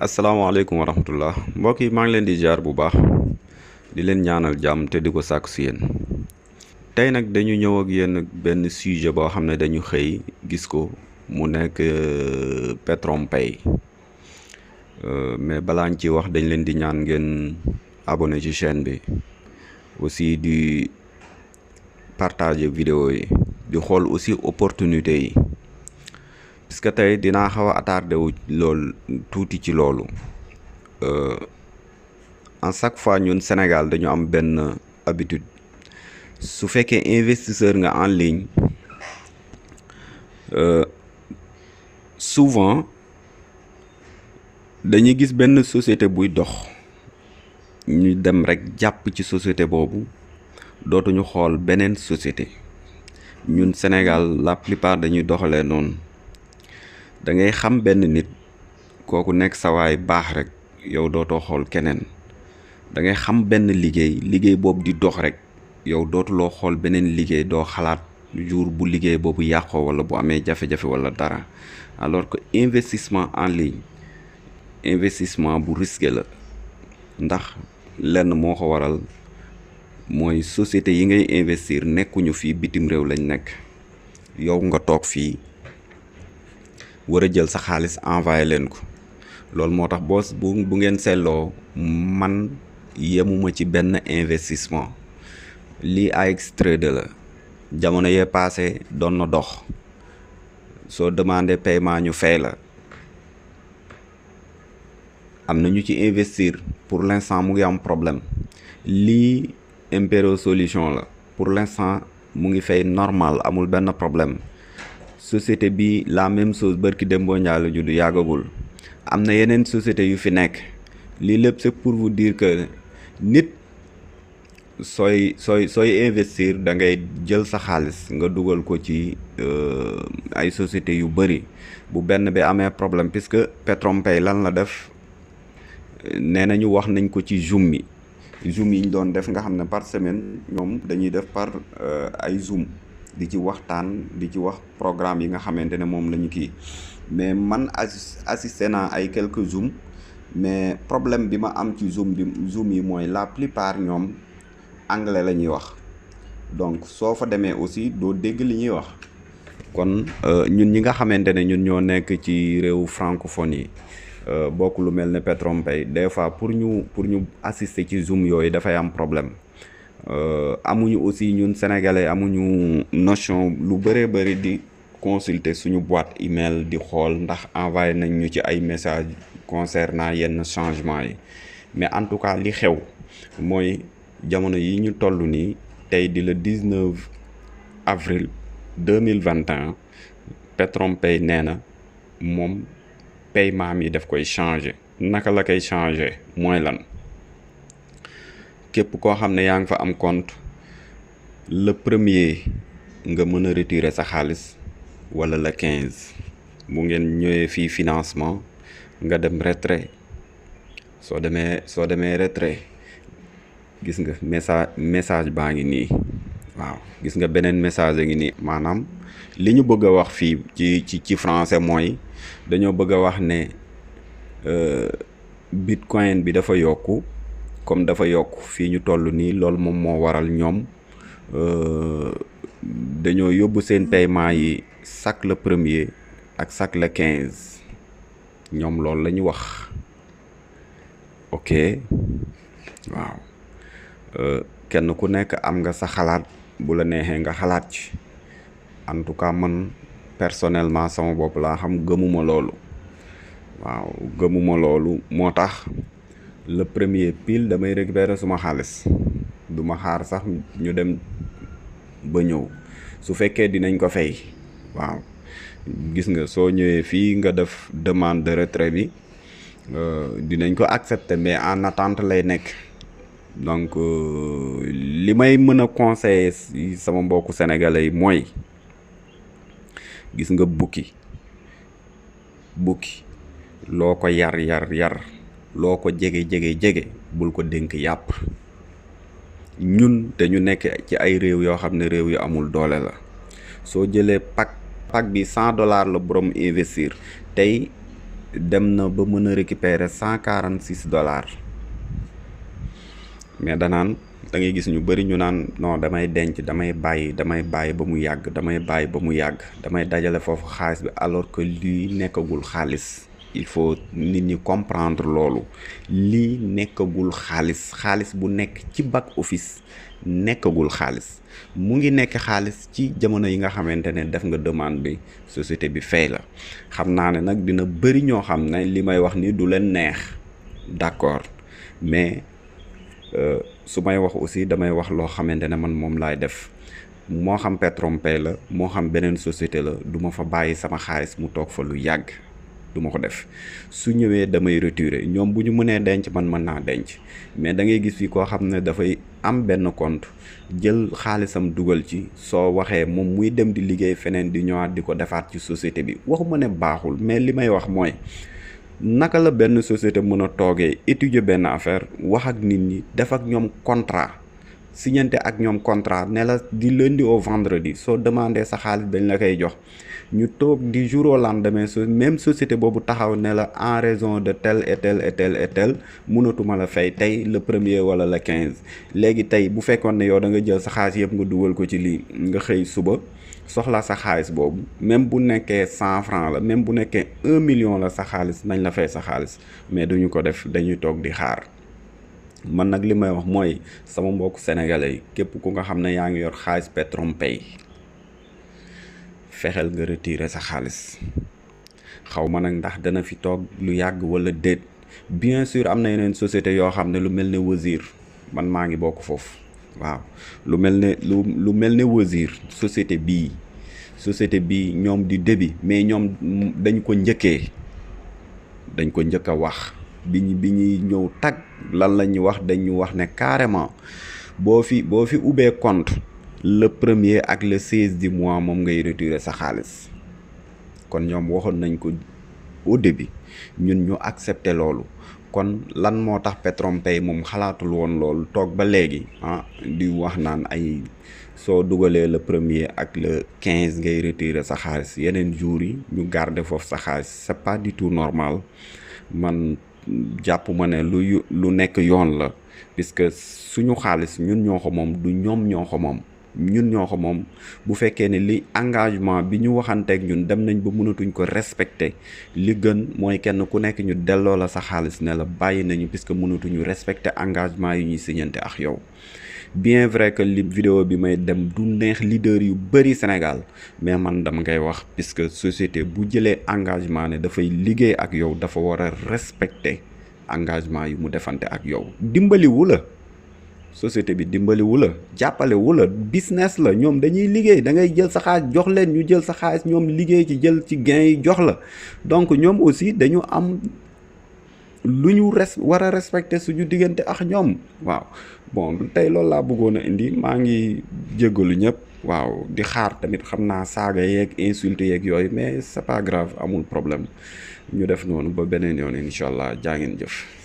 asalaamaaleykum wa rahmatullah mbokk yi maa ngi leen di jaar bu baax di leen ñaanal jàmm te di ko sàkk si yéen tey nag dañu ñëw ak yéen benn sujet boo xam ne dañu xëy gis ko mu nekk euh, Petron Pay euh, mais balaañ ci wax dañ leen di ñaan ngeen abonné ci chaîne bi aussi di partage vidéo yi di xool aussi opportunité yi puisque tey dinaa xaw a attardé wu loolu tuuti ci loolu euh, en chaque fois ñun Sénégal dañu am benn habitude su fekkee investisseur nga en ligne euh, souvent dañuy gis benn société buy dox ñu dem rek jàpp ci société boobu dootuñu xool beneen société ñun Sénégal la plupart dañuy doxalee noonu. da ngay xam benn nit kooku nekk sawaay baax rek yow dootoo xool keneen da ngay xam benn liggéey liggéey boobu di dox rek yow dootuloo xool beneen liggéey doo xalaat jour bu liggéey boobu yàqoo wala bu amee jafe-jafe wala dara alors que investissement en ligne investissement bu risqué la ndax lenn moo ko waral mooy société yi ngay investir nekkuñu fii bitim réew lañ nekk yow nga toog fii war a jël sa xaalis envoyé leen ko loolu moo tax boo bu bu ngeen seetloo man yemuma ci benn investissement lii AX Trader la jamono yee passé doon na dox soo demandé paiement ñu fay la am na ñu ci investir pour l'instant mu ngi am problème lii Impero solution la pour l'instant mu ngi fay normal amul benn problème société bi la même chose bërki Dembo Ndiaye la judd yàggagul am na yeneen société yu fi nekk lii lépp pour vous diir que nit sooy sooy sooy investir da ngay jël sa xaalis nga dugal ko ci euh, ay société yu bëri bu benn bi amee problème puisque Petrompay lan la def nee nañu wax nañ ko ci zoom yi zoom yi ñu doon def nga xam ne par semaine ñoom dañuy def par euh, ay zoom di ci waxtaan di ci wax programme yi nga xamante ne moom la ñu kii mais man as assisté naa ay quelques zoom mais problème bi ma am ci zoom yi mooy la plupart ñoom anglais la ñuy wax donc soo fa demee aussi doo dégg li ñuy wax kon euh, ñun ñi nga xamante ne ñun ñoo nekk ci réew francophone yi euh, bokk lu mel ne Petron Pay des fois pour ñu pour ñu assister ci zoom yooyu dafay am problème Euh, amuñu aussi ñun sénégalais amuñu notion lu bëree bëri di consulter suñu boîte email di xool ndax envoyé nañ ñu ci ay message concernant yenn changement yi mais en tout cas li xew mooy jamono yi ñu toll nii tey di le 19 avril 2021 Petrompay nee na moom paiement mi daf koy changer naka la koy changer mooy lan képp koo xam ne yaa ngi fa am compte le premier nga mën a retirer sa xaalis wala la quinze bu ngeen ñëwee fii financement nga dem retre soo demee soo demee retrait gis nga message message baa ngi nii waaw gis nga beneen message a ngi nii maanaam li ñu bëgg a wax fii ci ci ci français mooy dañoo bëgg a wax ne euh, bitcoin bi dafa yokku comme dafa yokk fii ñu toll nii loolu moom moo waral ñoom euh, dañoo yóbbu seen paiement yi chaque le premier ak chaque le quinze ñoom loolu la ñu wax ok waaw euh, kenn ku nekk am nga sa xalaat bu la neexee nga xalaat ci en tout cas man personnellement sama bopp laa xam gëmuma loolu waaw gëmuma loolu moo tax le premier pile damay récupérer suma xaalis duma xaar sax ñu dem ba ñëw su fekkee dinañ ko fay waaw gis nga soo ñëwee fii nga def demande de retrait bi euh, dinañ ko accepter mais en attente lay nekk donc euh, li may mën a conseiller sama mbokku sénégalais yi mooy gis nga bukki bukki loo ko yar yar yar loo ko jege jege jege bul ko dénk yàpp ñun dañu nekk ci ay réew yoo xam ne réew yu amul doole la soo jëlee pack pack bi cent dollars la borom investir tey dem na ba mën a récupérer cent quarante six dollars mais danaan da gis ñu bëri ñu naan non damay denc damay bàyyi damay bàyyi ba mu yàgg damay bàyyi ba mu yàgg damay dajale foofu xaalis bi alors que lii nekkagul xaalis il faut nit ñi comprendre loolu lii nekkagul xaalis xaalis bu nekk ci back office nekkagul xaalis mu ngi nekk xaalis ci jamono yi nga xamante ne def nga demande bi société bi fay la xam naa ne nag dina bëri ñoo xam ne li may wax ni du leen neex d'accord mais euh, su may wax aussi damay wax loo xamante ne man moom laay def moo xam Petronpay la moo xam beneen société la duma fa bàyyi sama xaalis mu toog fa lu yàgg duma ko def su ñëwee damay retirer ñoom bu ñu mënee denc man mën naa denc mais da ngay gis fi koo xam ne dafay am benn compte jël xaalisam dugal ci soo waxee moom muy dem di liggéey feneen di ñëwaat di ko defaat ci société bi waxuma ne baaxul mais li may wax mooy naka la benn société mën a toogee étudier benn affaire wax ak nit ñi def ak ñoom contrat. signante ak ñoom contrat ne la di lundi au vendredi soo demandé sa xaalis dañ la koy jox ñu toog di jour au lendemain su même société boobu taxaw ne la en raison de tell et tel et tel et mënatuma la fay tey le premier wala la quinze léegi tey bu fekkoon ne yow da nga jël sa xaalis yëpp nga dugal ko ci lii nga xëy suba soxla sa xaalis boobu même bu nekkee cent franc la même bu nekkee un million la sa xaalis nañ la fay sa xaalis mais duñu ko def dañuy toog di xaar man nag li may wax mooy sama mbokk sénégalais képp ku nga xam ne yaa ngi yor xaalis Petronpay fexeel nga retirer sa xaalis xaw ma nag ndax dana fi toog lu yàgg wala déet bien sur am na yeneen société yoo xam ne lu mel ne Wazir man maa ngi bokk foofu waaw lu mel ne lu lu mel ne Wazir société bii société bii ñoom di débit mais ñoom dañ ko njëkkee dañ ko njëkk a wax bi ñu bi ñuy ñëw tag lan la ñu wax dañu wax ne carrément boo fi boo fi ubbee compte le premier ak le seize du mois moom ngay retirer sa xaalis kon ñoom waxoon nañ ko au début ñun ñu accepter loolu kon lan moo tax Petrompay moom xalaatul woon loolu toog ba léegi ah di wax naan ay soo dugalee le premier ak le quinze ngay retirer sa xaalis yeneen jours yi ñu garde foofu sa xaalis c'est pas du tout normal man jàppuma ne lu lu nekk yoon la puisque suñu xaalis ñun ñoo ko moom du ñoom ñoo moom ñun ñoo ko moom bu fekkee ne li engagement bi ñu waxanteeg ñun dem nañ ba mënatuñ ko respecter li gën mooy kenn ku nekk ñu delloo la sa xaalis ne la bàyyi nañu puisque mënatuñu respecter engagement yi ñuy signante ak yow bien vrai que li vidéo bi may dem du neex leader yu bëri Sénégal mais man dama ngay wax puisque société bu jëlee engagement ne dafay liggéey ak yow dafa war a respecter engagement yi mu defante ak yow dimbaliwu la société bi dimbaliwu la jàppalewu la business la ñoom dañuy liggéey da ngay jël sa xaalis jox leen ñu jël sa xaalis ñoom liggéey ci jël ci gain yi jox la donc ñoom aussi dañu am lu ñu res war a respecter suñu diggante ak ñoom waaw bon tey loolu laa bëggoon a indi maa ngi jéggalu ñëpp waaw di xaar tamit xam naa saaga yeeg insulte yeeg yooyu mais sa pas grave amul problème ñu def noonu ba beneen yoon incha allah jaa ngeen jëf